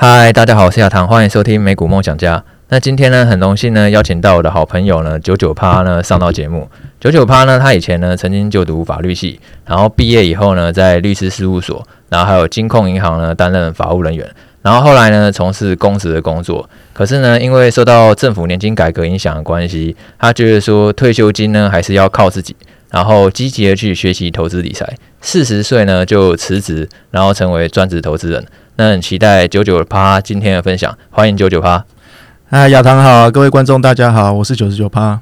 嗨，Hi, 大家好，我是小唐。歡迎收聽美股夢想家。那今天呢，很榮幸呢，邀請到我的好朋友呢，99啪呢，上到節目。99啪呢，他以前呢，曾經就讀法律系，然後畢業以後呢，在律師事務所，然後還有金控銀行呢，擔任法務人員。然後後來呢，從事公職的工作。可是呢，因為受到政府年金改革影響的關係，他覺得說退休金呢，還是要靠自己，然後積極的去學習投資理財。四十歲呢，就辭職，然後成為專職投資人。那很期待99啪今天的分享，歡迎99啪。啊，亞堂好，各位觀眾大家好，我是九十九啪。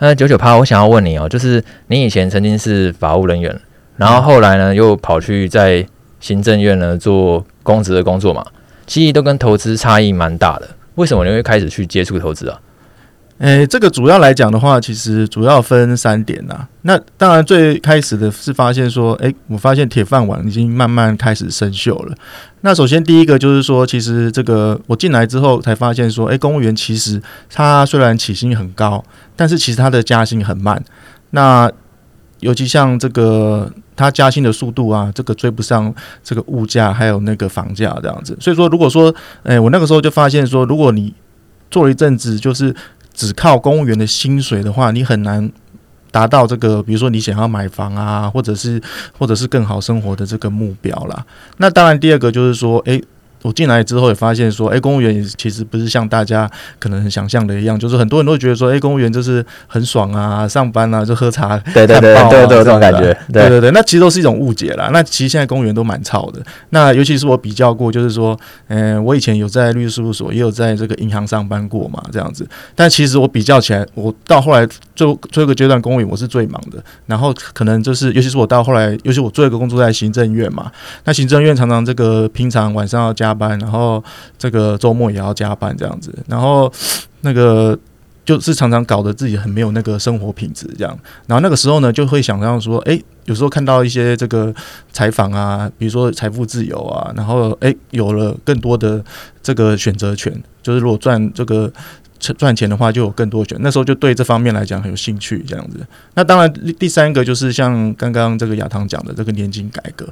那99啪，我想要問你哦，就是你以前曾經是法務人員，然後後來呢又跑去在行政院呢做公職的工作嘛，其實都跟投資差異蠻大的，為什麼你會開始去接觸投資啊？誒，這個主要來講的話，其實主要分三點吶。那當然最開始的是發現說，誒，我發現鐵飯碗已經慢慢開始生鏽了。那首先第一個就是說，其實這個我進來之後才發現說，誒，公務員其實他雖然起薪很高，但是其實他的加薪很慢。那尤其像這個他加薪的速度啊，這個追不上這個物價，還有那個房價這樣子。所以說，如果說，誒，我那個時候就發現說，如果你做了一陣子，就是只靠公務員的薪水的話，你很難達到這個，比如說你想要買房啊，或者是或者是更好生活的這個目標啦。那當然，第二個就是說，誒、欸。我進來之後也發現說，哎、欸，公務員其實不是像大家可能很想象的一樣，就是很多人都會覺得說，哎、欸，公務員就是很爽啊，上班啊，就喝茶，對對對，都有、啊啊、這種感覺，對對對，那其實都是一種誤解啦，那其實現在公務員都蠻吵的，那尤其是我比較過，就是說，嗯、呃，我以前有在律師事務所，也有在這個銀行上班過嘛，這樣子，但其實我比較起來，我到後來做做一個階段，公務員我是最忙的，然後可能就是，尤其是我到後來，尤其我做一個工作在行政院嘛，那行政院常常這個平常晚上要加加班，然後這個周末也要加班這樣子，然後那個就是常常搞得自己很沒有那個生活品質這樣。然後那個時候呢，就會想象說，誒，有時候看到一些這個採訪啊，比如說財富自由啊，然後誒，有了更多的這個選擇權，就是如果賺這個。賺錢的話就有更多錢，那時候就對這方面來講很有興趣這樣子。那當然第三個就是像剛剛這個亞棠講的這個年金改革。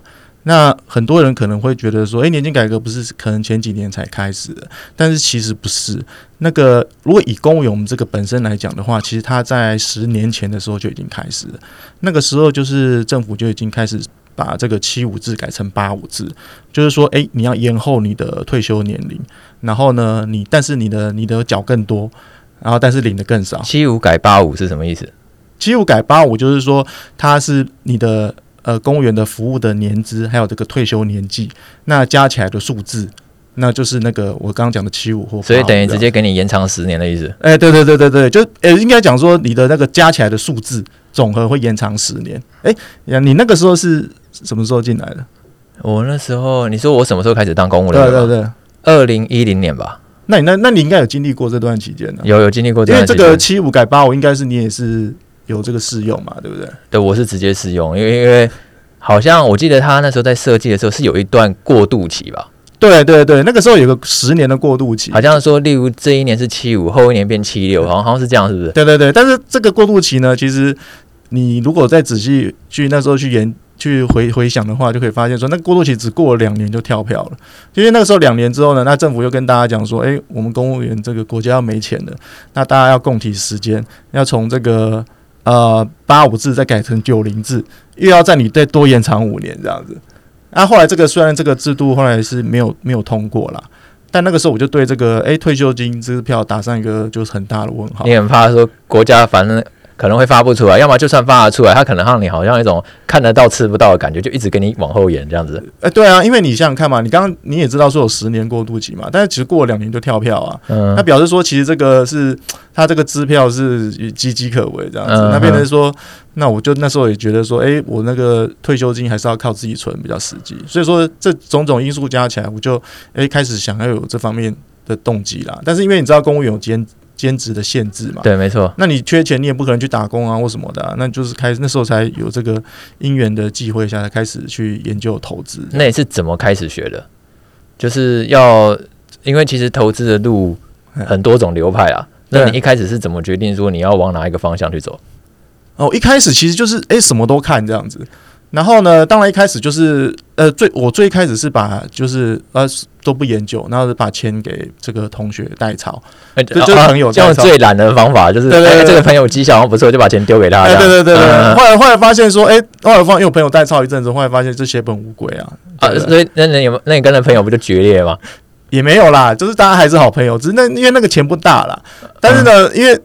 那很多人可能會覺得說，誒、欸，年金改革不是可能前幾年才開始的，但是其實不是。那個如果以公務員我們這個本身來講的話，其實他在十年前的時候就已經開始了。那個時候就是政府就已經開始。把這個七五制改成八五制，就是說，誒、欸，你要延後你的退休年齡，然後呢，你但是你的你的繳更多，然後但是領的更少。七五改八五是什麼意思？七五改八五就是說，它是你的呃公務員的服務的年資，還有這個退休年紀，那加起來的數字，那就是那個我剛剛講的七五或八五。所以等於直接給你延長十年的意思？誒、欸，對對對對對，就誒、欸、應該講說你的那個加起來的數字總和會延長十年。誒，呀，你那個時候是。什麼時候進來的？我那時候，你說我什麼時候開始當公務員？對對對，二零一零年吧。那你那那你應該有經歷過這段期間、啊、有有經歷過這段。因為這個七五改八五，應該是你也是有這個適用嘛，對不對？對，我是直接適用。因為因為好像我記得他那時候在設計的時候是有一段過渡期吧？對對對，那個時候有個十年的過渡期，好像說例如這一年是七五，後一年變七六，好像對好像是這樣，是不是？對對對。但是這個過渡期呢，其實你如果再仔細去那時候去研去回回想的話，就可以發現說，那過渡期只過了兩年就跳票了，因為那個時候兩年之後呢，那政府又跟大家講說，哎、欸，我們公務員這個國家要沒錢了，那大家要共體時艱，要從這個呃八五制再改成九零制，又要再你再多延長五年這樣子。那、啊、後來這個雖然這個制度後來是沒有沒有通過啦，但那個時候我就對這個誒、欸、退休金支票打上一個就是很大的問號。你很怕說國家反正。可能會發不出來，要麼就算發得出來，他可能讓你好像一種看得到吃不到的感覺，就一直給你往後延這樣子。哎，欸、對啊，因為你想想看嘛，你剛剛你也知道說有十年過渡期嘛，但是其實過了兩年就跳票啊。嗯，他表示說其實這個是他這個支票是岌岌可危這樣子，嗯、哼那變成說，那我就那時候也覺得說，哎、欸，我那個退休金還是要靠自己存比較實際。所以說這種種因素加起來，我就哎、欸、開始想要有這方面的動機啦。但是因為你知道公務員有天。兼職的限制嘛？對，沒錯。那你缺錢，你也不可能去打工啊或什麼的、啊。那就是開始那時候才有這個因緣的機會，下才開始去研究投資。那你是怎麼開始學的？就是要因為其實投資的路很多種流派啊。呵呵 那你一開始是怎麼決定說你要往哪一個方向去走？哦，一開始其實就是誒、欸，什麼都看這樣子。然後呢？當然一開始就是呃，最我最一開始是把就是呃都不研究，然後是把錢給這個同學代操，哎、欸，就是他很有用最懶的方法，就是對對，對，對，對、欸，這個朋友績效不錯，就把錢丟給他。哎、欸，對對對對，嗯嗯嗯，後來後來發現說，哎、欸，後來發現有朋友代操一陣子，後來發現這血本無歸啊啊！所以、啊、那那那你跟那朋友不就決裂了嗎？也沒有啦，就是大家還是好朋友，只是那因為那個錢不大啦，但是呢，嗯、因為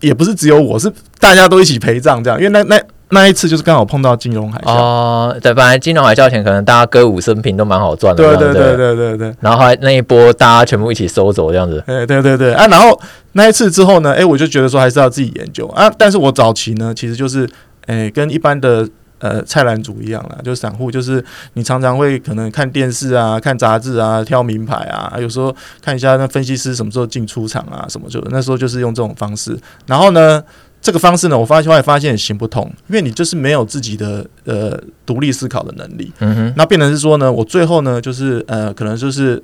也不是只有我是，大家都一起陪葬這樣，因為那那。那一次就是剛好碰到金融海嘯哦，對，本來金融海嘯前可能大家歌舞升平都蠻好賺的，對對對對對對。然後後來那一波大家全部一起收走這樣子，哎對對對,對啊！然後那一次之後呢，哎、欸、我就覺得說還是要自己研究啊。但是我早期呢，其實就是、欸、跟一般的呃菜籃族一樣啦，就散戶，就是你常常會可能看電視啊、看雜誌啊、挑名牌啊，有時候看一下那分析師什麼時候進出場啊什麼就。那時候就是用這種方式，然後呢？這個方式呢，我發後來發現也行不通，因為你就是沒有自己的呃獨立思考的能力。嗯哼那變成是說呢，我最後呢，就是呃，可能就是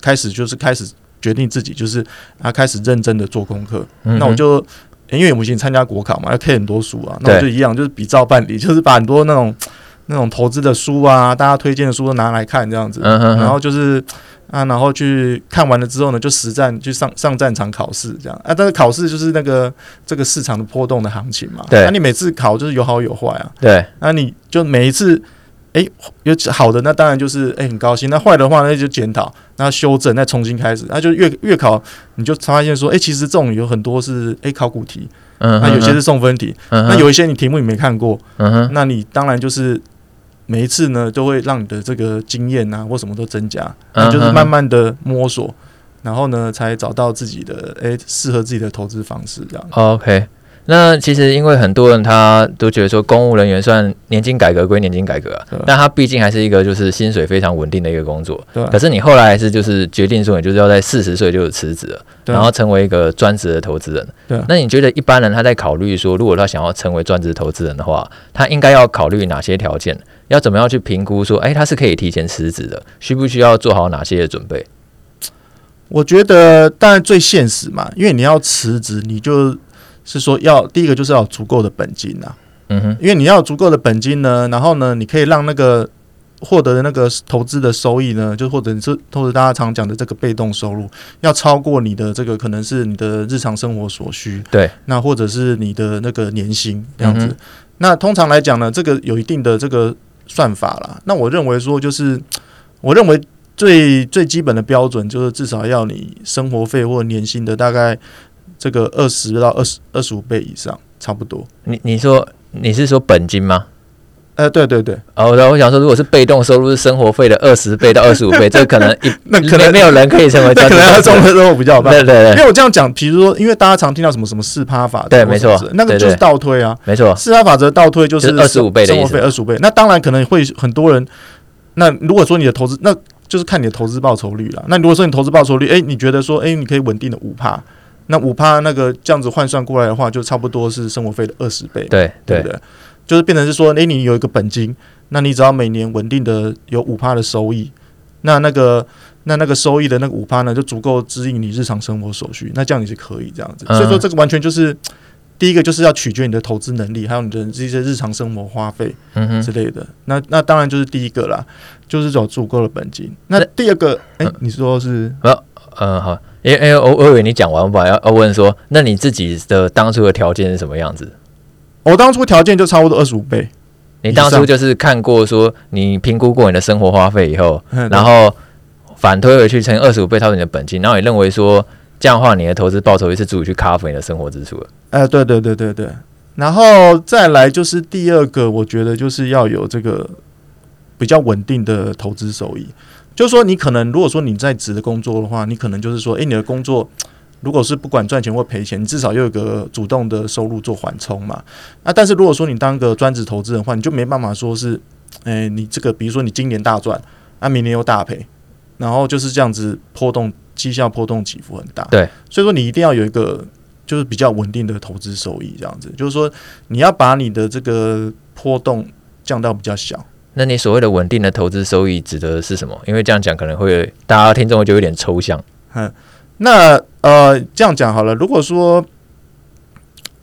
開始就是開始決定自己，就是啊，開始認真的做功課。嗯哼。那我就因為我已經參加國考嘛，要 K 很多書啊。對那我就一樣，就是比照辦理，就是把很多那種那種投資的書啊，大家推薦的書都拿來看這樣子。嗯哼哼然後就是。啊，然後去看完了之後呢，就實戰去上上戰場考試，這樣啊。但是考試就是那個這個市場的波動的行情嘛。對。那、啊、你每次考就是有好有壞啊。對。那、啊、你就每一次，哎、欸，有好的那當然就是哎、欸、很高興，那壞的話那就檢討，那修正再重新開始。那、啊、就月月考你就發現說、欸，其實這種有很多是哎、欸、考古題，那、嗯哼啊、有些是送分題，嗯、哼那有一些你題目你沒看過，嗯、哼那你當然就是。每一次呢，都會讓你的這個經驗啊或什麼都增加，uh huh. 就是慢慢的摸索，然後呢，才找到自己的哎適合自己的投資方式這樣。OK。那其實，因為很多人他都覺得說，公務人員算年金改革歸年金改革啊，對但他畢竟還是一個就是薪水非常穩定的一個工作。對。可是你後來還是就是決定說，你就是要在四十歲就辭職，對然後成為一個專職的投資人。對。那你覺得一般人他在考慮說，如果他想要成為專職投資人的話，他應該要考慮哪些條件？要怎麼樣去評估說，欸，他是可以提前辭職的，需不需要做好哪些準備？我覺得，當然最現實嘛，因為你要辭職，你就。是說要第一個就是要有足夠的本金吶，嗯哼，因為你要有足夠的本金呢，然後呢，你可以讓那個獲得的那個投資的收益呢，就或者是透過大家常講的這個被動收入，要超過你的這個可能是你的日常生活所需，對，那或者是你的那個年薪這樣子。嗯哼，那通常來講呢，這個有一定的這個算法啦。那我認為說，就是我認為最最基本的標準就是至少要你生活費或年薪的大概。這個二十到二十二十五倍以上，差不多。你你說你是說本金嗎？呃，對對對。哦，我，我想說，如果是被動收入是生活費的二十倍到二十五倍，這 可能一那可能沒有人可以成為， 可能要綜合收入比較慢。對對對，因為我這樣講，比如說，因為大家常聽到什麼什麼四趴法則，對，沒錯，那個就是倒推啊，對對對沒錯，四趴法則倒推就是二十五倍的生活費二十五倍。那當然可能會很多人，那如果說你的投資，那就是看你的投資報酬率了。那如果說你投資報酬率，哎、欸，你覺得說，哎、欸，你可以穩定的五趴。那五趴那個這樣子換算過來的話，就差不多是生活費的二十倍，對。對對不對？就是變成是說，誒，你有一個本金，那你只要每年穩定的有五趴的收益，那那個那那個收益的那個五趴呢，就足夠支應你日常生活所需，那這樣你是可以這樣子。嗯、所以說，這個完全就是第一個，就是要取決你的投資能力，還有你的這些日常生活花費之類的。嗯哼，那那當然就是第一個啦，就是有足夠的本金。那第二個，誒，你說是？嗯嗯嗯好，因、欸、為、欸，我我以為你講完吧，要要問說，那你自己的當初的條件是什麼樣子？我當初條件就差不多二十五倍。你當初就是看過說，你評估過你的生活花費以後，嗯、然後反推回去乘二十五倍套你的本金，對對對然後你認為說，這樣的話你的投資報酬也是足以去卡 o 你的生活支出了。哎、呃，對對對對對。然後再來就是第二個，我覺得就是要有這個比較穩定的投資收益。就是說，你可能如果說你在職的工作的話，你可能就是說，誒，你的工作如果是不管賺錢或賠錢，你至少有一個主動的收入做緩衝嘛。啊，但是如果說你當個專職投資人的話，你就沒辦法說是，誒，你這個比如說你今年大賺，啊，明年又大賠，然後就是這樣子波動，績效波動起伏很大。對，所以說你一定要有一個就是比較穩定的投資收益，這樣子就是說你要把你的這個波動降到比較小。那你所謂的穩定的投資收益指的是什麼？因為這樣講可能會大家聽眾就有點抽象。嗯、那呃，這樣講好了。如果說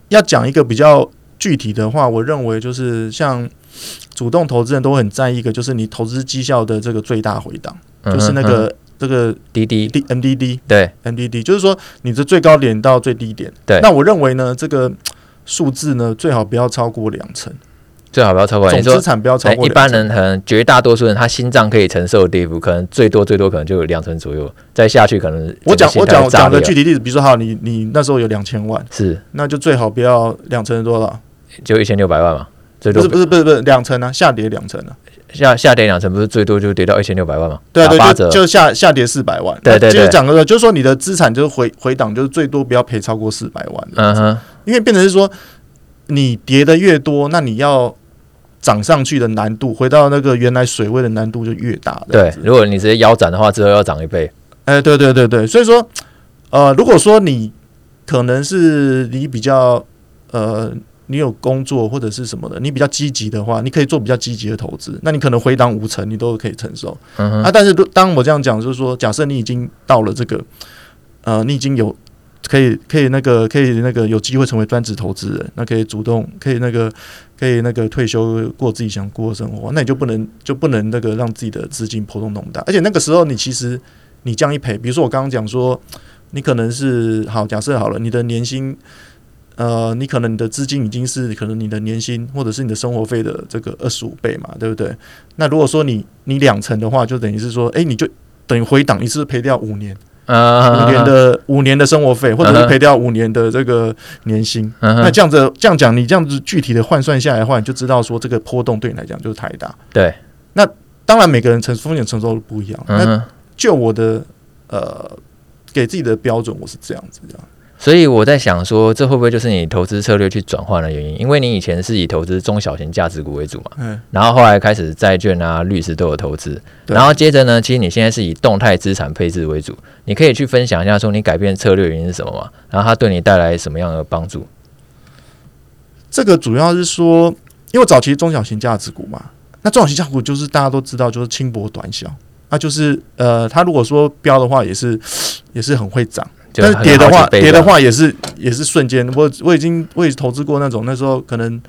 要講一個比較具體的話，我認為就是像主動投資人都很在意一個，就是你投資績效的這個最大回檔，嗯、就是那個、嗯、這個 D D D M D D 對 M D D，就是說你的最高點到最低點。對，那我認為呢，這個數字呢，最好不要超過兩成。最好不要超過你說，一般人可能絕大多數人他心臟可以承受的地步，可能最多最多可能就有兩成左右，再下去可能我講我講講個具體例子，比如說哈，你你那時候有兩千萬，是，那就最好不要兩成多少，就一千六百萬嘛，最多不是不是不是不是兩成啊，下跌兩成啊，下下跌兩成不是最多就跌到一千六百萬嘛。對啊，對，打八折，就就下下跌四百萬，對對就是講個就是說你的資產就是回回檔，就是最多不要賠超過四百萬，嗯哼，因為變成是說。你跌得越多，那你要漲上去的難度，回到那個原來水位的難度就越大。對，如果你直接腰斬的話，對之後要漲一倍。哎、欸，對對對對，所以說，呃，如果說你可能是你比較呃，你有工作或者是什麼的，你比較積極的話，你可以做比較積極的投資，那你可能回檔五成，你都可以承受。嗯、哼啊，但是如當我這樣講，就是說，假設你已經到了這個，呃，你已經有。可以，可以那個，可以那個有機會成為專職投資人，那可以主動，可以那個，可以那個退休過自己想過的生活，那你就不能，就不能那個讓自己的資金波動那麼大，而且那個時候你其實你這樣一賠，比如說我剛剛講說，你可能是好，假設好了，你的年薪，呃，你可能你的資金已經是可能你的年薪或者是你的生活費的這個二十五倍嘛，對不對？那如果說你你兩成的話，就等於是說，哎、欸，你就等於回檔一次賠掉五年。Uh huh. 五年的五年的生活費，或者是賠掉五年的這個年薪，uh huh. 那這樣子這樣講，你這樣子具體的換算下來的話，你就知道說這個波動對你來講就是太大。對，那當然每個人承風險承受度不一樣，uh huh. 那就我的呃給自己的標準，我是這樣子這樣。所以我在想說，這會不會就是你投資策略去轉換的原因？因為你以前是以投資中小型價值股為主嘛，嗯，然後後來開始債券啊、律師都有投資，然後接着呢，其實你現在是以動態資產配置為主。你可以去分享一下，說你改變策略原因是什麼嘛？然後它對你帶來什麼樣的幫助？對，這個主要是說，因為早期中小型價值股嘛，那中小型價值股就是大家都知道，就是輕薄短小、啊，那就是呃，它如果說標的話，也是也是很會漲。對但是跌的話，跌的話也是也是瞬間。我我已經我也投資過那種，那時候可能，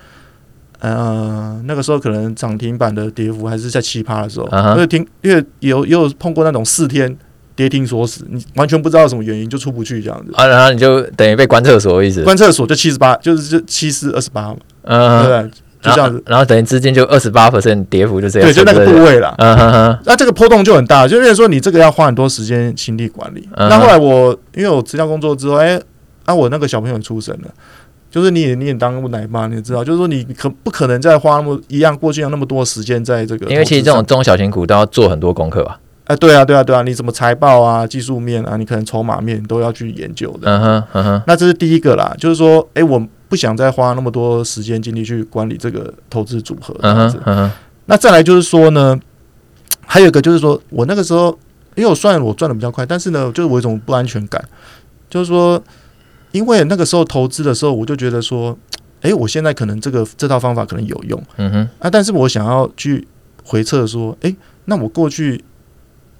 呃，那個時候可能漲停板的跌幅還是在奇葩的時候。嗯、哼因為停，因為有也有碰過那種四天跌停鎖死，你完全不知道什麼原因就出不去這樣子。啊，然後你就等於被關廁所，一思？關廁所就七十八，就是就七四二十八嘛。嗯哼。這樣子，然後等於資金就二十八%，跌幅就這樣，對，就那個部位了。嗯哼哼。那、啊、這個波動就很大，就變成說你這個要花很多時間心力管理。嗯、哼那後來我因為我辭掉工作之後，哎、欸、那、啊、我那個小朋友很出生了，就是你也你也當奶爸，你也知道，就是說你可不可能再花那麼一樣過去有那麼多時間在這個？因為其實這種中小型股都要做很多功課啊。哎，欸、對啊，對啊，對啊，你怎麼財報啊，技術面啊，你可能籌碼面都要去研究的。嗯哼嗯哼。那這是第一個啦，就是說，哎、欸、我。不想再花那麼多時間精力去管理這個投資組合這樣子。uh huh, uh huh. 那再來就是說呢，還有一個就是說，我那個時候因為我算我賺得比較快，但是呢，就是我有一種不安全感，就是說，因為那個時候投資的時候，我就覺得說，哎，我現在可能這個這套方法可能有用，嗯哼啊，但是我想要去回測說，哎，那我過去。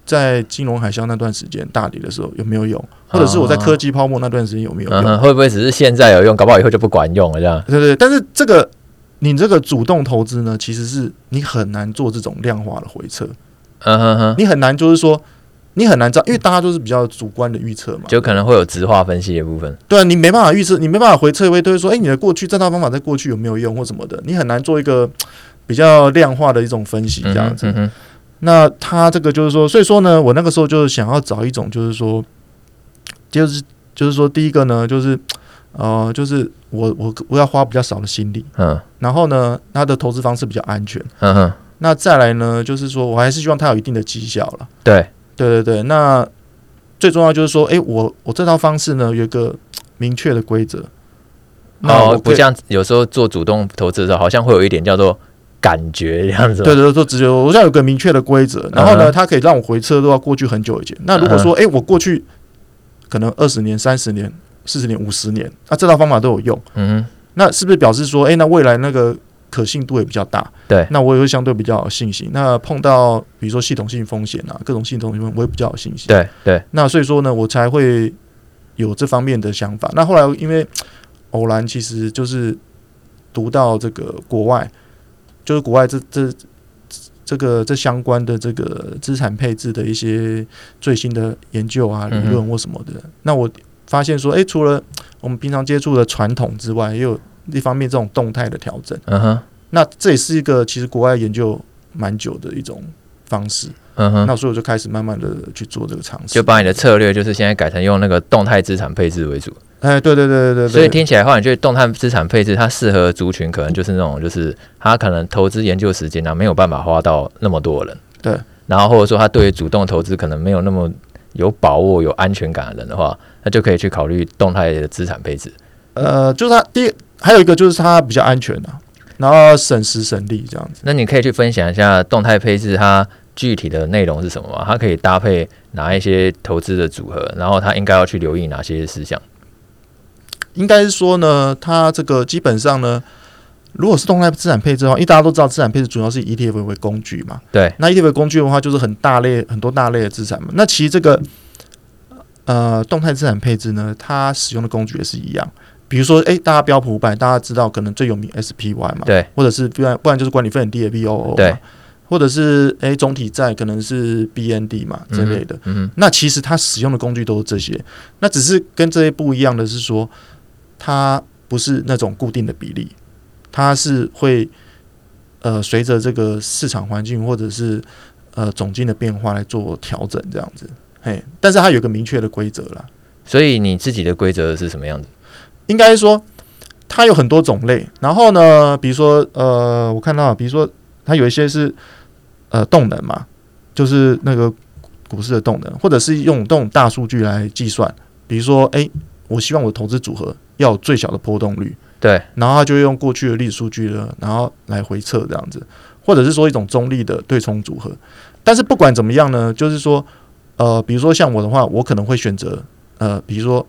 在金融海嘯那段時間，大底的時候有沒有用？或者是我在科技泡沫那段時間有沒有用？會不會只是現在有用？搞不好以後就不管用了，這樣。對對，對，但是這個你這個主動投資呢，其實是你很難做這種量化的回撤。嗯哼哼，你很難就是說，你很難知道，因為大家都是比較主觀的預測嘛，就可能會有質化分析的部分。對啊，你沒辦法預測，你沒辦法回撤，因為都會說，哎，你的過去這套方法在過去有沒有用或什麼的，你很難做一個比較量化的一種分析這樣子。那他這個就是說，所以說呢，我那個時候就是想要找一種，就是說，就是就是說，第一個呢，就是呃，就是我我我要花比較少的心力，嗯，然後呢，他的投資方式比較安全，嗯，嗯哼、嗯嗯嗯嗯，那再來呢，就是說我還是希望他有一定的績效了，對，對對對，那最重要就是說，哎，我我這套方式呢，有一個明確的規則，哦，不像有時候做主動投資的時候，好像會有一點叫做。感覺這樣子，對對對，做直覺。我想有個明確的規則，嗯、哼然後呢，它可以讓我回撤都要過去很久以前。嗯、哼那如果說，哎、欸，我過去可能二十年、三十年、四十年、五十年，那、啊、這套方法都有用。嗯哼，那是不是表示說，哎、欸，那未來那個可信度也比較大？對，那我也會相對比較有信心。那碰到比如說系統性風險啊，各種系統性風險，我也比較有信心。對對。那所以說呢，我才會有這方面的想法。那後來因為偶然，其實就是讀到這個國外。就是國外這這這個這相關的這個資產配置的一些最新的研究啊、理論或什麼的，嗯哼。那我發現說，誒，除了我們平常接觸的傳統之外，也有一方面這種動態的調整。嗯哼，那這也是一個其實國外研究蠻久的一種方式。嗯哼，那所以我就開始慢慢的去做這個嘗試，就把你的策略就是現在改成用那個動態資產配置為主。哎，欸、對對對對對，所以聽起來的話，你覺得動態資產配置，它適合族群可能就是那種，就是他可能投資研究時間呢，沒有辦法花到那麼多人。對，然後或者說他對於主動投資可能沒有那麼有把握、有安全感的人的話，那就可以去考慮動態的資產配置，嗯。呃，就是它第還有一個就是它比較安全的，啊，然後省時省力這樣子。那你可以去分享一下動態配置它具體的內容是什麼嗎？它可以搭配哪一些投資的組合？然後它應該要去留意哪些事項？應該是說呢，它這個基本上呢，如果是動態資產配置的話，因為大家都知道資產配置主要是以 ETF 為工具嘛，對。那 ETF 工具的話，就是很大類很多大類的資產嘛。那其實這個呃，動態資產配置呢，它使用的工具也是一樣。比如說，哎、欸，大家標普五百，大家知道可能最有名 SPY 嘛，對。或者是不然不然就是管理費很低的 VOO，對。或者是哎、欸，總體債可能是 BND 嘛之類的，嗯哼嗯哼。那其實它使用的工具都是這些，那只是跟這些不一樣的是說。它不是那種固定的比例，它是會呃隨着這個市場環境或者是呃總經的變化來做調整這樣子，嘿，但是它有一個明確的規則啦，所以你自己的規則是什麼樣子？應該說它有很多種類。然後呢，比如說呃，我看到比如說它有一些是呃動能嘛，就是那個股市的動能，或者是用這種大數據來計算。比如說，誒、欸，我希望我的投資組合。要最小的波動率，對，然後他就用過去的歷史數據了，然後來回測這樣子，或者是說一種中立的對沖組合。但是不管怎麼樣呢，就是說，呃，比如說像我的話，我可能會選擇，呃，比如說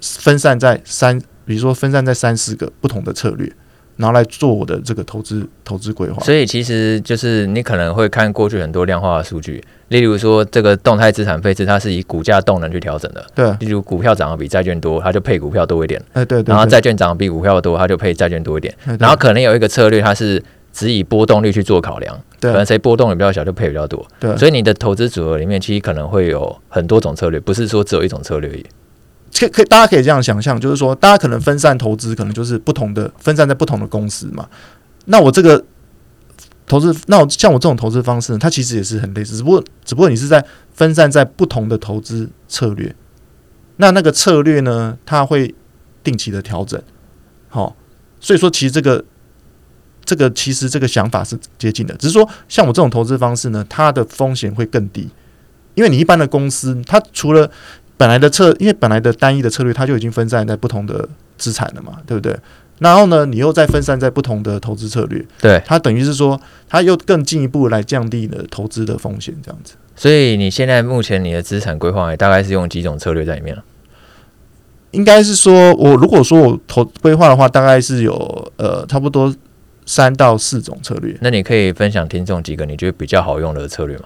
分散在三，比如說分散在三四個不同的策略。拿來做我的這個投資投資規劃，所以其實就是你可能會看過去很多量化的數據，例如說這個動態資產配置它是以股價動能去調整的，對，例如股票漲得比債券多，它就配股票多一點，對，然後債券漲得比股票多，它就配債券多一點，然後可能有一個策略，它是只以波動率去做考量，對，可能誰波動也比較小，就配比較多，對，所以你的投資組合裡面其實可能會有很多種策略，不是說只有一種策略而已。可可以，大家可以這樣想象就是說，大家可能分散投資，可能就是不同的分散在不同的公司嘛。那我這個投資，那我像我這種投資方式呢，它其實也是很類似，只不過只不過你是在分散在不同的投資策略。那那個策略呢，它會定期的調整，好，所以說其實這個這個其實這個想法是接近的，只是說像我這種投資方式呢，它的風險會更低，因為你一般的公司，它除了本來的策，因為本來的單一的策略，它就已經分散在不同的資產了嘛，對不對？然後呢，你又再分散在不同的投資策略，對，它等於是說，它又更進一步來降低了投資的風險，這樣子。所以你現在目前你的資產規劃也大概是用幾種策略在裡面啊？應該是說，我如果說我投規劃的話，大概是有呃差不多三到四種策略。那你可以分享聽眾幾個你覺得比較好用的策略嗎？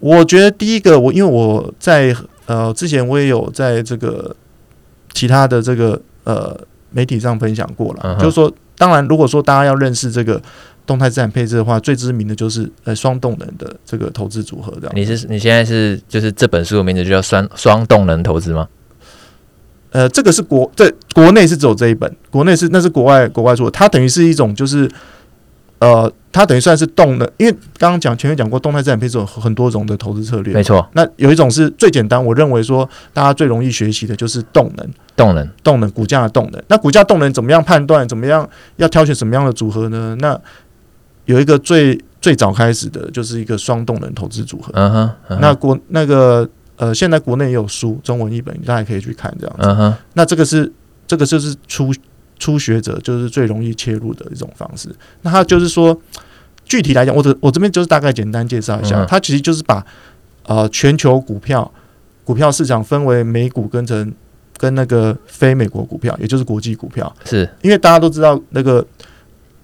我覺得第一個我，我因為我在。呃，之前我也有在這個其他的這個呃媒體上分享過了，嗯、哼就是說，當然，如果說大家要認識這個動態資產配置的話，最知名的就是呃雙動能的這個投資組合，這樣。你是你現在是就是這本書的名字就叫《雙雙動能投資》嗎？呃，這個是國在國內是只有這一本，國內是那是國外國外書，它等於是一種就是。呃，它等於算是動能，因為剛剛講前面講過，動態資產配置有很多種的投資策略。沒錯錯，那有一種是最簡單，我認為說大家最容易學習的就是動能，動能人，動能，股價的動能。那股價動能怎麼樣判斷？怎麼樣要挑選什麼樣的組合呢？那有一個最最早開始的就是一個雙動能投資組合嗯。嗯哼，那國那個呃，現在國內也有書，中文一本，大家可以去看這樣嗯哼，那這個是這個就是出。初學者就是最容易切入的一種方式。那他就是說，具體來講，我這我這邊就是大概簡單介紹一下。嗯、他其實就是把呃全球股票股票市場分為美股跟成跟那個非美國股票，也就是國際股票。是因為大家都知道那個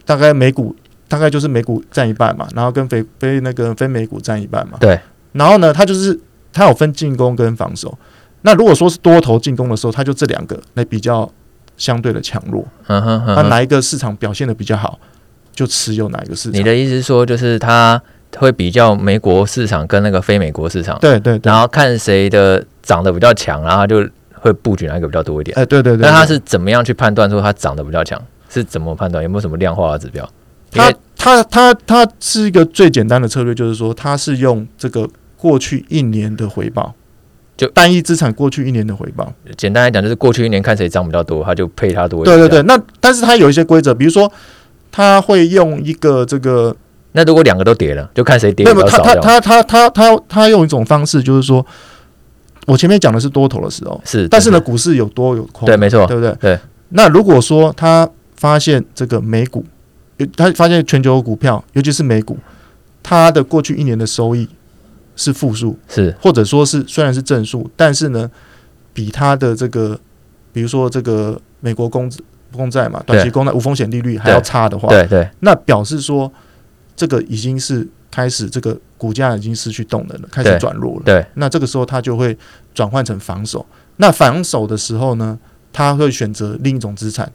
大概美股大概就是美股佔一半嘛，然後跟非非那個非美股佔一半嘛。對。然後呢，他就是他有分進攻跟防守。那如果說是多頭進攻的時候，他就這兩個來比較。相對的強弱，它、嗯嗯、哪一個市場表現的比較好，就持有哪一個市場。你的意思說，就是他會比較美國市場跟那個非美國市場，對，對對，然後看誰的漲得比較強，然後就會布局哪一個比較多一點。哎，欸、對，對對對。那他是怎麼樣去判斷說它漲得比較強？是怎麼判斷？有沒有什麼量化的指標？他它因為它他是一個最簡單的策略，就是說他是用這個過去一年的回報。就單一資產過去一年的回報，簡單來講就是過去一年看誰漲比較多，他就配他多一點。對對對，那但是他有一些規則，比如說他會用一個這個，那如果兩個都跌了，就看誰跌沒有？他他他他他他他用一種方式，就是說，我前面講的是多頭的時候是，但是呢，股市有多有空，對，沒錯，對不對？對，對。那如果說他發現這個美股，他發現全球股票，尤其是美股，它的過去一年的收益。是負數，是或者說是雖然是正數，但是呢，比它的這個，比如說這個美國公公債嘛，短期公債對無風險利率還要差的話，對對，對對，那表示說這個已經是開始，這個股價已經失去動能了，開始轉弱了。對，對，那這個時候它就會轉換成防守。那防守的時候呢，它會選擇另一種資產，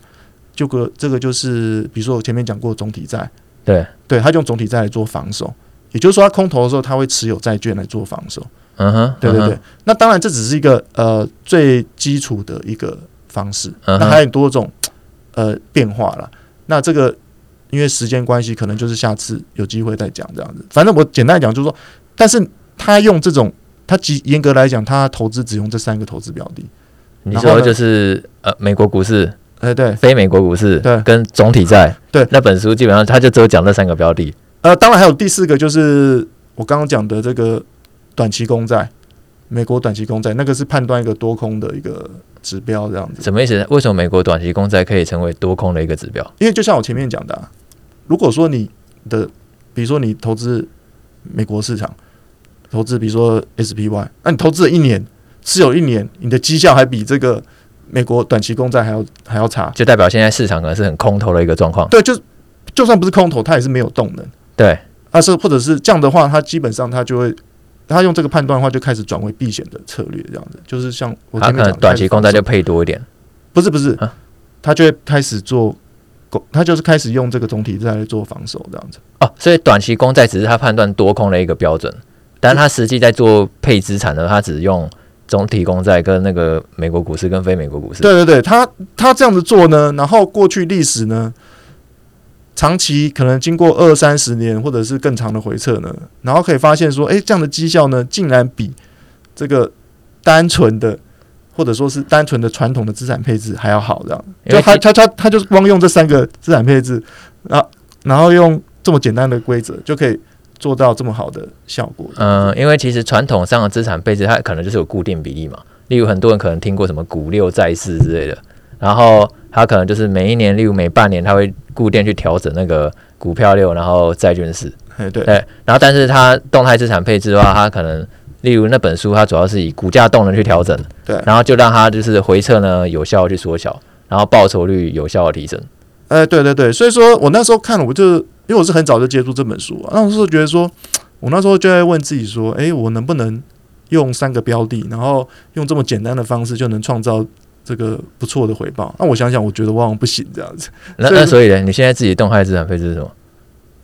就個這個就是比如說我前面講過總體債，對對，它就用總體債來做防守。也就是說，他空頭的時候，他會持有債券來做防守。嗯哼，對對對。嗯、哼那當然，這只是一個呃最基礎的一個方式。嗯、哼那還有很多種呃變化了。那這個因為時間關係，可能就是下次有機會再講這樣子。反正我簡單講就是說，但是他用這種，他極嚴格來講，他投資只用這三個投資標的。你說就是呃美國股市，哎、欸、對，非美國股市，對，跟總體債，對。那本書基本上他就只有講這三個標的。呃，當然還有第四個，就是我剛剛講的這個短期公債，美國短期公債，那個是判斷一個多空的一個指標，這樣子。什麼意思？為什麼美國短期公債可以成為多空的一個指標？因為就像我前面講的、啊，如果說你的，比如說你投資美國市場，投資比如說 SPY，那、啊、你投資了一年，只有一年你的績效還比這個美國短期公債還要還要差，就代表現在市場可能是很空頭的一個狀況。對，就就算不是空頭，它也是沒有動能。對，他是、啊、或者是這樣的話，他基本上他就會，他用這個判斷的話，就開始轉為避險的策略，這樣子，就是像我這個、啊、短期公債就配多一點，不是不是，他、啊、就會開始做，他就是開始用這個總體債來做防守這樣子。哦、啊，所以短期公債只是他判斷多空的一個標準，但他實際在做配資產呢，他只用總體公債跟那個美國股市跟非美國股市。對對對，他他這樣子做呢，然後過去歷史呢？長期可能經過二三十年，或者是更長的回測呢，然後可以發現說，誒、欸，這樣的績效呢，竟然比這個單純的或者說是單純的傳統的資產配置還要好，這樣。就他他他他就是光用這三個資產配置，然後、啊、然後用這麼簡單的規則就可以做到這麼好的效果。嗯，因為其實傳統上的資產配置，它可能就是有固定比例嘛，例如很多人可能聽過什麼股六債四之類的。然後他可能就是每一年，例如每半年，他會固定去調整那個股票六，然後債券四。哎，對，對。然後，但是他動態資產配置的話，他可能例如那本書，他主要是以股價動能去調整。對。然後就讓他就是回撤呢，有效去縮小，然後報酬率有效的提升。哎，對對對，對。所以說我那時候看了，我就因為我是很早就接觸這本書，啊，那時候覺得說，我那時候就在問自己說，哎，我能不能用三個標的，然後用這麼簡單的方式就能創造？這個不錯的回報，那、啊、我想想，我覺得往不行這樣子。那那所以呢，你現在自己動態資產配置是什麼？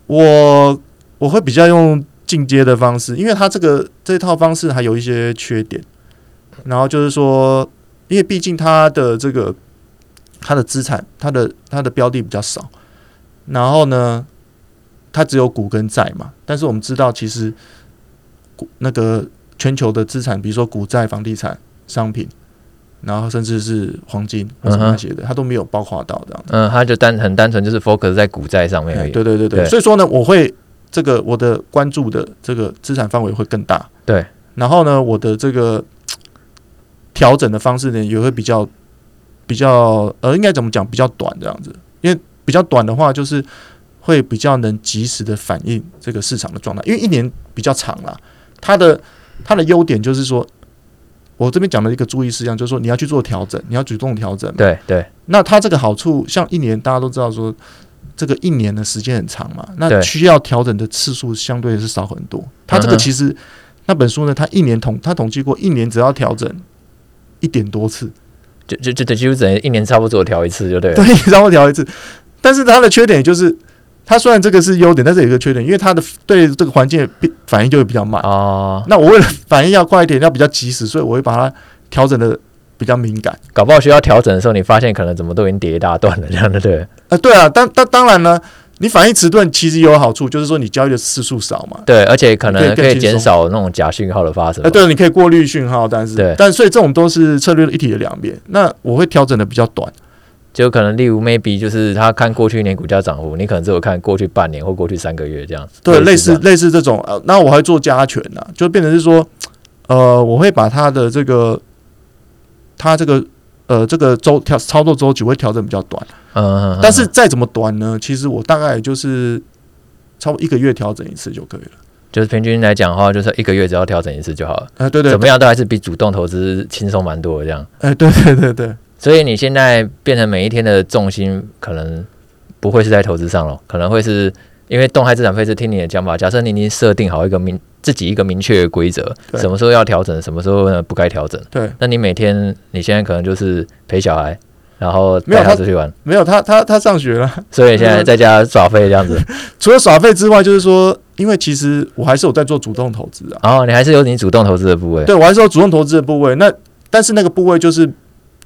我我會比較用進階的方式，因為它這個這套方式還有一些缺點。然後就是說，因為畢竟它的這個它的資產，它的它的標的比較少。然後呢，它只有股跟債嘛。但是我們知道，其實股那個全球的資產，比如說股債、房地產、商品。然後甚至是黃金什麼那些的。嗯、哼它都沒有包括到這樣。嗯，他就單很單純就是 focus 在股債上面。對對對對，對。所以說呢，我會，這個我的關注的這個資產範圍會更大。對，然後呢，我的這個調整的方式呢也會比較比較呃，應該怎麼講？比較短這樣子，因為比較短的話，就是會比較能及時的反映這個市場的狀態。因為一年比較長了，它的它的優點就是說。我這邊講的一個注意事項就是說你，你要去做調整，你要主動調整。對對。那它這個好處，像一年大家都知道說，這個一年的時間很長嘛，對那需要調整的次數相對是少很多。對它這個其實、嗯、哼那本書呢，它一年統它統計過，一年只要調整一點多次，就就就就幾乎等於一年差不多調一次，就對了。對，差不多調一次。但是它的缺點也就是。它雖然這個是優點，但是有一個缺點，因為它的對這個環境反應就會比較慢啊。那我為了反應要快一點，要比較及時，所以我會把它調整的比較敏感。搞不好需要調整的時候，你發現可能怎麼都已經跌一大段了，這樣的對？啊，對啊。當當當然呢，你反應遲鈍其實也有好處，就是說你交易的次數少嘛。對，而且可能可以減少那種假訊號的發生。啊，對，你可以過濾訊號，但是對，但所以這種都是策略一體的兩邊。那我會調整的比較短。就可能例如 maybe 就是他看，過去一年股價漲幅，你可能只有看過去半年或過去三個月這樣對，類似類似，類似這種呃，那我還做加權呢、啊，就變成是說，呃，我會把它的這個，它這個呃這個周跳操作週期會調整比較短。嗯，但是再怎麼短呢？嗯、其實我大概就是，差不多一個月調整一次就可以了。就是平均來講的話，就是一個月只要調整一次就好了。哎、呃，對對，對，怎麼樣都還是比主動投資輕鬆蠻多的這樣。哎、呃，對對對對。所以你現在變成每一天的重心可能不會是在投資上了，可能會是因為動態資產配置。聽你的講法，假設你已經設定好一個明自己一個明確的規則，對什麼時候要調整，什麼時候呢不該調整。對，那你每天你現在可能就是陪小孩，然後帶他出去玩。沒有他沒有他他，他上學了，所以現在在家耍廢這樣子。 除了耍廢之外，就是說，因為其實我還是有在做主動投資啊。哦，你還是有你主動投資的部位。對，我還是有主動投資的部位。那但是那個部位就是。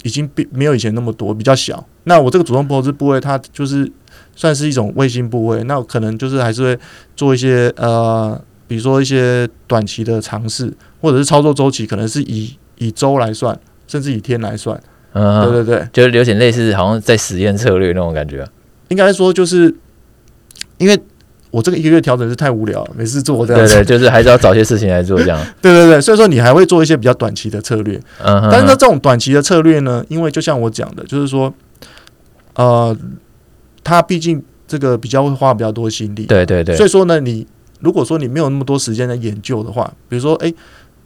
已經比沒有以前那麼多，比較小。那我這個主動投資部位，它就是算是一種衛星部位。那我可能就是還是會做一些呃，比如說一些短期的嘗試，或者是操作週期，可能是以以週來算，甚至以天來算。嗯，對對對，就是有點類似，好像在實驗策略那種感覺、啊。應該說，就是因為。我這個一個月調整是太無聊了，沒事做這樣子。對，對對，就是還是要找些事情來做這樣。 對對對，所以說你還會做一些比較短期的策略。嗯哼。但是這種短期的策略呢，因為就像我講的，就是說，呃，他畢竟這個比較會花比較多心力。對對對。所以說呢，你如果說你沒有那麼多時間來研究的話，比如說，哎、欸，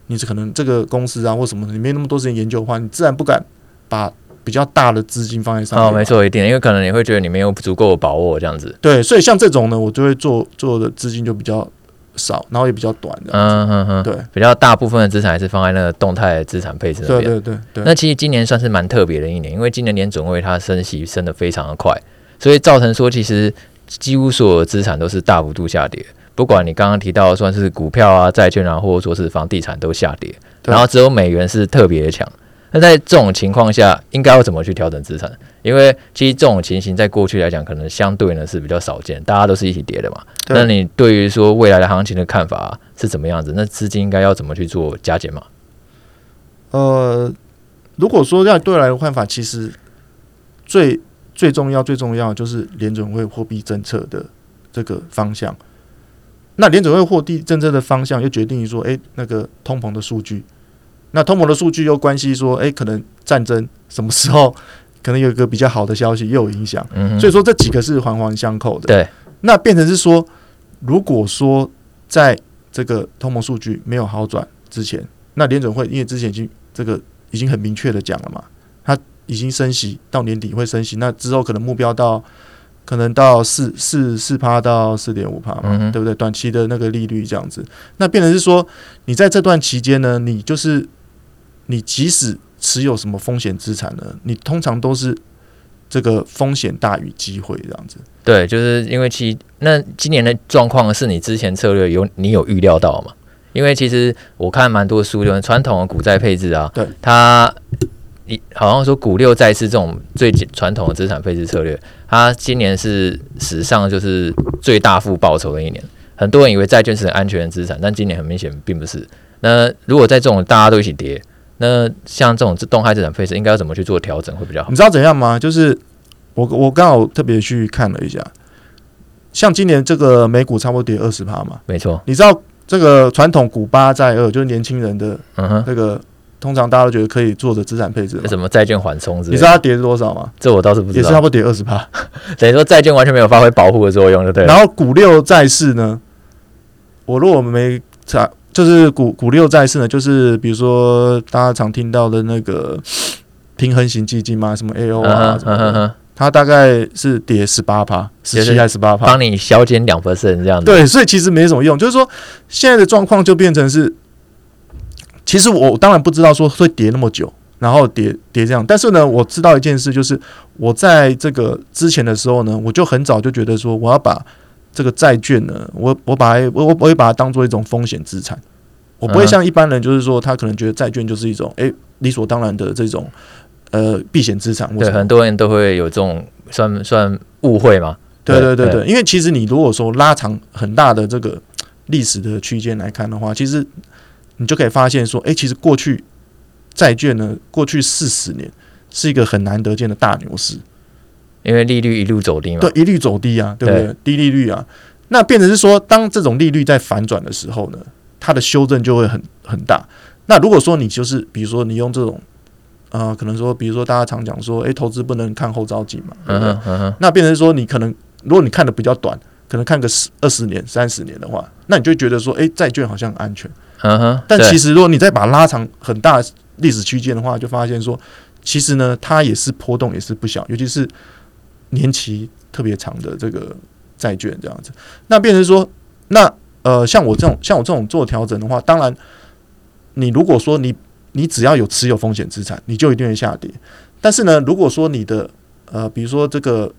你是可能這個公司啊或什麼，你沒那麼多時間研究的話，你自然不敢把比較大的資金放在上面，沒錯，一定，因為可能你會覺得你沒有足夠的把握這樣子。對，所以像這種呢，我就會做做的資金就比較少，然後也比較短。嗯嗯嗯，嗯嗯，對，比較大部分的資產還是放在那個動態資產配置那邊。對對對，對那其實今年算是蠻特別的一年，因為今年聯準會它升息升得非常的快，所以造成說其實幾乎所有資產都是大幅度下跌，不管你剛剛提到算是股票啊、債券啊，或者說是房地產都下跌，對然後只有美元是特別強。那在這種情況下，應該要怎麼去調整資產？因為其實這種情形在過去來講，可能相對呢是比較少見，大家都是一起跌的嘛。對。那你對於說未來的行情的看法是怎麼樣子？那資金應該要怎麼去做加減嘛？呃，如果說要對來的看法，其實最最重要、最重要就是聯準會貨幣政策的這個方向。那聯準會貨幣政策的方向又決定於說，哎、欸，那個通膨的數據。那通膨的數據又關係說，哎、欸，可能戰爭什麼時候可能有一個比較好的消息，又有影響，嗯、哼所以說這幾個是環環相扣的。對，那變成是說，如果說在這個通膨數據沒有好轉之前，那聯準會因為之前已經這個已經很明確的講了嘛，它已經升息到年底會升息，那之後可能目標到可能到四四四趴到四點五趴嘛，嗯、哼對不對？短期的那個利率這樣子，那變成是說，你在這段期間呢，你就是。你即使持有什麼風險資產呢？你通常都是這個風險大於機會這樣子。對，就是因為其那今年的狀況是你之前策略有你有預料到嗎？因為其實我看蠻多書，傳統的股債配置啊，對它你好像說股六債四這種最傳統的資產配置策略，它今年是史上就是最大負報酬的一年。很多人以為債券是很安全的資產，但今年很明顯並不是。那如果在這種大家都一起跌，那像這種動態資產配置應該要怎麼去做調整會比較好？你知道怎樣嗎？就是我我剛好特別去看了一下，像今年這個美股差不多跌二十趴嘛，沒錯錯。你知道這個傳統股八債二就是年輕人的這個、嗯、哼通常大家都覺得可以做的資產配置，什麼債券緩衝之類的，你知道它跌多少嗎？這我倒是不知道，也是差不多跌二十趴。 等於說債券完全沒有發揮保護的作用就對，對不對？然後股六債四呢？我如果沒查。就是股股六債四呢，就是比如說大家常聽到的那個平衡型基金嘛，什麼 A O 啊，uh huh, uh huh. 它大概是跌十八趴，十七解還是十八趴，幫你削減兩分身這樣子。對，所以其實沒什麼用。就是說現在的狀況就變成是，其實我當然不知道說會跌那麼久，然後跌跌這樣。但是呢，我知道一件事，就是我在這個之前的時候呢，我就很早就覺得說我要把。這個債券呢，我我把它，我我也把它當做一種風險資產，我不會像一般人就是說，嗯、他可能覺得債券就是一種哎、欸、理所當然的這種呃避險資產。對，我很多人都會有這種算算誤會嘛。對對對對，對對對，因為其實你如果說拉長很大的這個歷史的區間來看的話，其實你就可以發現說，哎、欸，其實過去債券呢，過去四十年是一個很難得見的大牛市。嗯因為利率一路走低嘛，對，一路走低啊，對不對？對，低利率啊，那變成是說，當這種利率在反轉的時候呢，它的修正就會很很大。那如果說你就是，比如說你用這種，啊、呃，可能說，比如說大家常講說，哎、欸，投資不能看後照鏡嘛，對對嗯嗯、那變成是說，你可能如果你看的比較短，可能看個十、二十年、三十年的話，那你就覺得說，哎、欸，債券好像安全，嗯、但其實如果你再把它拉長很大歷史區間的話，就發現說，其實呢，它也是波動也是不小，尤其是。年期特別長的這個債券這樣子，那變成說，那呃，像我這種像我這種做調整的話，當然，你如果說你你只要有持有風險資產，你就一定會下跌。但是呢，如果說你的呃，比如說這個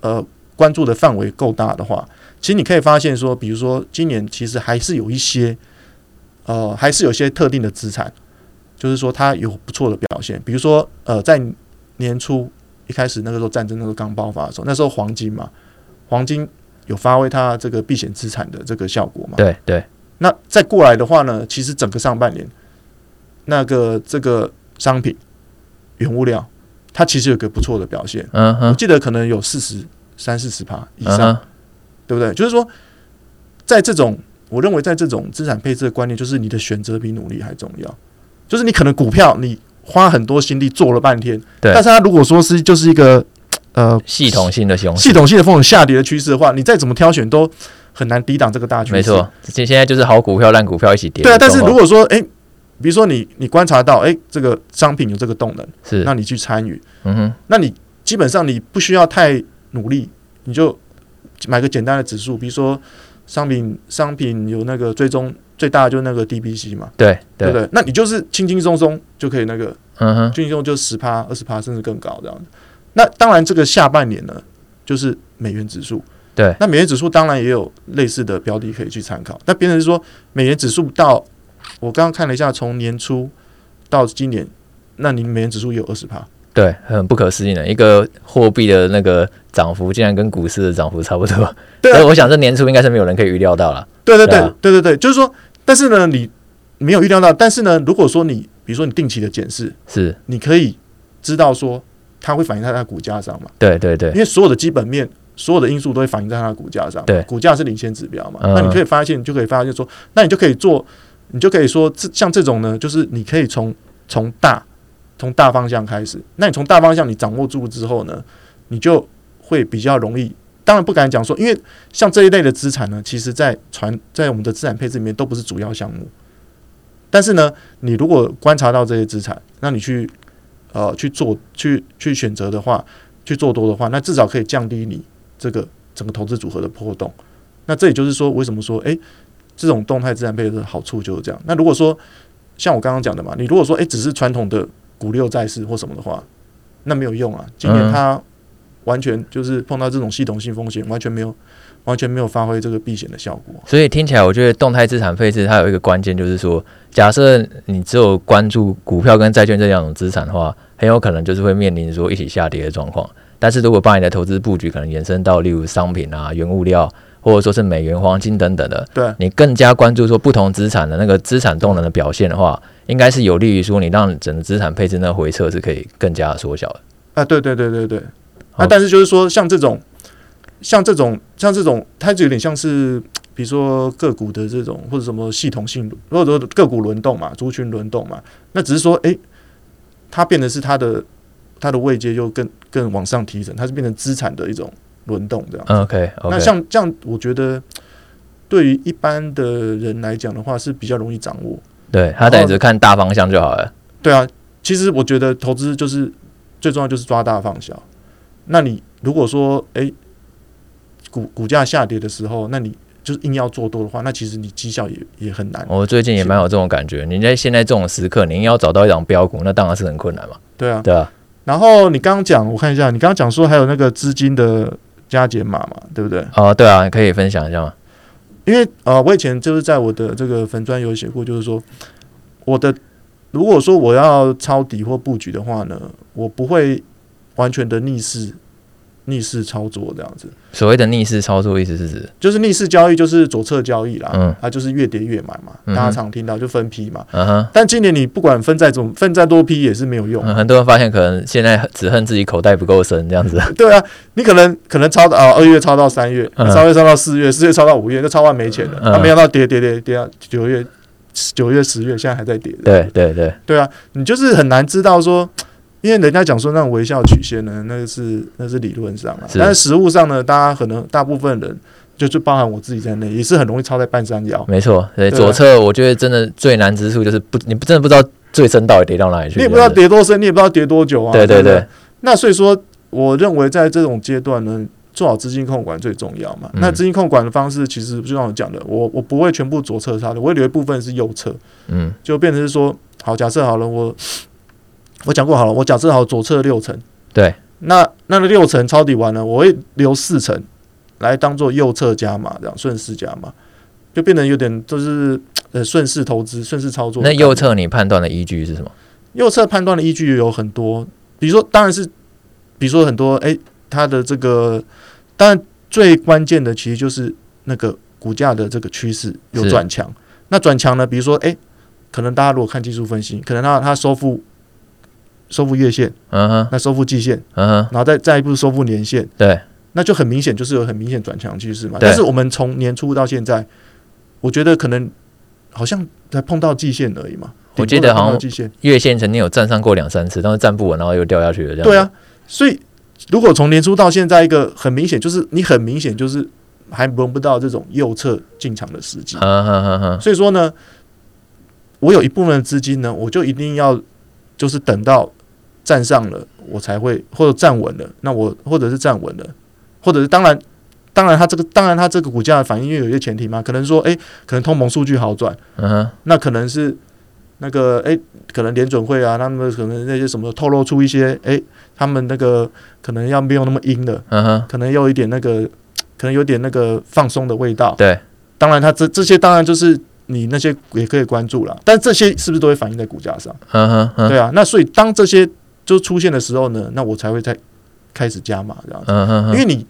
呃，關注的範圍夠大的話，其實你可以發現說，比如說今年其實還是有一些呃，還是有一些特定的資產，就是說它有不錯的表現，比如說呃，在年初。一開始那個時候戰爭那個剛爆發的時候，那時候黃金嘛，黃金有發揮它這個避險資產的這個效果嘛。對對。對那再過來的話呢，其實整個上半年，那個這個商品、原物料，它其實有個不錯的表現。嗯、uh huh. 我記得可能有四十、三四十趴以上，uh huh. 對不對？就是說，在這種，我認為，在這種資產配置的觀念，就是你的選擇比努力還重要。就是你可能股票你。花很多心力做了半天，對。但是它如果說是就是一個呃系統性的系統性的風險下跌的趨勢的話，你再怎麼挑選都很難抵擋這個大趨勢。沒錯，現現在就是好股票爛股票一起跌。對啊，但是如果說誒，比如說你你觀察到誒這個商品有這個動能，是那你去參與，嗯哼，那你基本上你不需要太努力，你就買個簡單的指數，比如說商品商品有那個追蹤。最大的就是那個 DBC 嘛，對對,對不對？那你就是輕輕松鬆就可以那個，嗯、哼輕輕鬆就十趴、二十趴，甚至更高這樣子。那當然，這個下半年呢，就是美元指數，對，那美元指數當然也有類似的標的可以去參考。那別人是說美元指數到我剛剛看了一下，從年初到今年，那你美元指數也有二十趴。對，很不可思議的一個貨幣的那個漲幅，竟然跟股市的漲幅差不多。對啊，我想這年初應該是沒有人可以預料到了。對對對，對啊，對對對，就是說，但是呢，你沒有預料到，但是呢，如果說你比如說你定期的檢視，是你可以知道說它會反映在它的股價上嘛。對對對，因為所有的基本面、所有的因素都會反映在它的股價上。對，股價是領先指標嘛。嗯嗯，那你可以發現，你就可以發現說，那你就可以做，你就可以說這像這種呢，就是你可以從從大。從大方向開始，那你從大方向你掌握住之後呢，你就會比較容易。當然不敢講說，因為像這一類的資產呢，其實在，在傳在我們的資產配置裡面都不是主要項目。但是呢，你如果觀察到這些資產，那你去呃去做去去選擇的話，去做多的話，那至少可以降低你這個整個投資組合的波動。那這也就是說，為什麼說哎、欸、這種動態資產配置的好處就是這樣。那如果說像我剛剛講的嘛，你如果說哎、欸、只是傳統的。股六債四或什麼的話，那沒有用啊！今年它完全就是碰到這種系統性風險，完全沒有完全沒有發揮這個避險的效果。所以聽起來，我覺得動態資產配置它有一個關鍵，就是說，假設你只有關注股票跟債券這兩種資產的話，很有可能就是會面臨說一起下跌的狀況。但是如果把你的投資布局可能延伸到例如商品啊、原物料，或者說是美元、黃金等等的，對，你更加關注說不同資產的那個資產動能的表現的話。應該是有利於說，你讓整個資產配置的回撤是可以更加縮小的啊！對對對對對，那、oh. 啊、但是就是說，像這種，像這種，像這種，它就有點像是，比如說個股的這種，或者什麼系統性，或者說個股輪動嘛，族群輪動嘛，那只是說，誒、欸，它變的是它的它的位階又更更往上提升，它是變成資產的一種輪動這樣。OK，, okay. 那像這樣，我覺得對於一般的人來講的話，是比較容易掌握。對，他等着看大方向就好了。對啊，其實我覺得投資就是最重要就是抓大放小。那你如果說，哎、欸，股股價下跌的時候，那你就是硬要做多的話，那其實你績效也也很難。我最近也蠻有這種感覺。你在現在這種時刻，你要找到一張標股，那當然是很困難嘛。對啊，對啊。然後你剛剛講，我看一下，你剛剛講說還有那個資金的加減碼嘛，對不對？啊、哦，對啊，你可以分享一下嗎？因為啊、呃，我以前就是在我的這個粉專有寫過，就是說，我的如果說我要抄底或布局的話呢，我不會完全的逆勢。逆勢操作這樣子，所謂的逆勢操作意思是指，就是逆勢交易，就是左側交易啦。嗯，啊，就是越跌越買嘛。嗯、大家常聽到就分批嘛。嗯哼。但今年你不管分再總分再多批也是沒有用、嗯。很多人發現可能現在只恨自己口袋不夠深這樣子。嗯、對啊，你可能可能抄、啊、到二月抄到三月，三、嗯啊、月抄到四月，四月抄到五月，就抄完沒錢了。他、嗯啊、沒想到跌跌跌跌，九月九月十月現在還在跌對。對對對。對啊，你就是很難知道說。因為人家講說那種微笑曲線呢，那個是那是理論上啊，是但是實務上呢，大家可能大部分人，就就包含我自己在內，也是很容易抄在半山腰。沒錯，對，對吧？左側我覺得真的最難之處就是不，你不真的不知道最深到底跌到哪裡去，你也不知道跌多深，你也不知道跌多久啊。對對對。那所以說，我認為在這種階段呢，做好資金控管最重要嘛。嗯、那資金控管的方式，其實就像我講的，我我不會全部左側插的，我會留一部分是右側。嗯，就變成是說，好，假設好了，我。我講過好了，我假設好左側六層。對，那那個六層抄底完了，我會留四層來當做右側加碼，這樣順勢加碼，就變得有點就是呃順勢投資、順勢操作。那右側你判斷的依據是什麼？右側判斷的依據有很多，比如說當然是，比如說很多哎、欸，它的這個當然最關鍵的其實就是那個股價的這個趨勢有轉強。是那轉強呢，比如說哎、欸，可能大家如果看技術分析，可能它它收復。收復月線，嗯哼，那收復季線，嗯哼，然後再再一步收復年線，對，那就很明顯就是有很明顯轉強趨勢嘛。對但是我們從年初到現在，我覺得可能好像才碰到季線而已嘛。我覺得好像季線月線曾經有站上過兩三次，但是站不穩，然後又掉下去了這樣。對啊，所以如果從年初到現在，一個很明顯就是你很明顯就是還輪不到這種右側進場的時機。嗯哼哼、嗯、哼。所以說呢，我有一部分資金呢，我就一定要就是等到。站上了，我才會或者站穩了，那我或者是站穩了，或者是當然，當然，它這個當然它這個股價的反應，因為有一些前提嘛，可能說，哎、欸，可能通膨數據好轉，嗯、uh，huh. 那可能是那個，哎、欸，可能聯準會啊，他們可能那些什麼透露出一些，哎、欸，他們那個可能要沒有那麼陰的，嗯哼、uh，huh. 可能要有一點那個，可能有點那個放鬆的味道，對、uh，huh. 當然他，它這這些當然就是你那些也可以關注了，但這些是不是都會反映在股價上？嗯哼、uh，huh. 對啊，那所以當這些。就出現的時候呢，那我才會再開始加碼這樣子，嗯、哼哼，因為你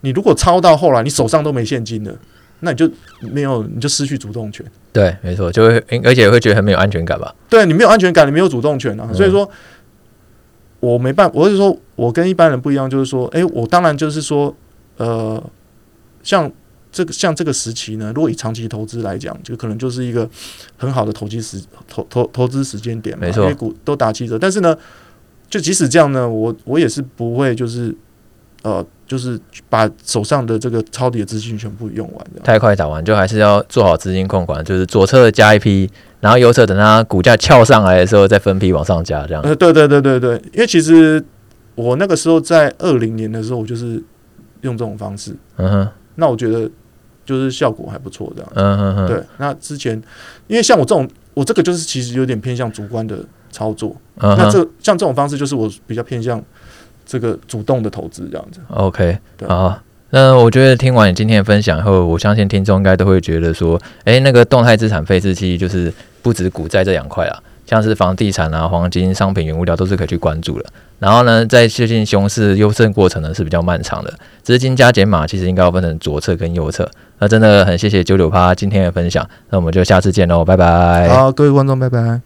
你如果抄到後來，你手上都沒現金了，那你就沒有，你就失去主動權。對，沒錯，就會，而且會覺得很沒有安全感吧？對，你沒有安全感，你沒有主動權啊。嗯、所以說，我沒辦我是說我跟一般人不一樣，就是說，誒、欸，我當然就是說，呃，像這個像這個時期呢，如果以長期投資來講，就可能就是一個很好的投資時投投投資時間點嘛，沒錯錯，因為股都打七折，但是呢。就即使這樣呢，我我也是不會就是呃，就是把手上的這個抄底的資金全部用完的。太快打完，就還是要做好資金控管，就是左側加一批，然後右側等它股價翹上來的時候再分批往上加，這樣。呃，對對對對對，因為其實我那個時候在二零年的時候，我就是用這種方式。嗯哼，那我覺得就是效果還不錯，這樣。嗯哼哼，對。那之前，因為像我這種，我這個就是其實有點偏向主觀的。操作，嗯、哼那這像這種方式就是我比較偏向這個主動的投資這樣子。OK，對好，那我覺得聽完你今天的分享以後，我相信聽眾應該都會覺得說，誒、欸，那個動態資產配置期就是不止股債這兩塊啊，像是房地產啊、黃金、商品、原物料都是可以去關注的。然後呢，在最近熊市優勝過程呢是比較漫長的，資金加減碼其實應該要分成左側跟右側。那真的很謝謝99啪今天的分享，那我們就下次見嘍，拜拜。好，各位觀眾，拜拜。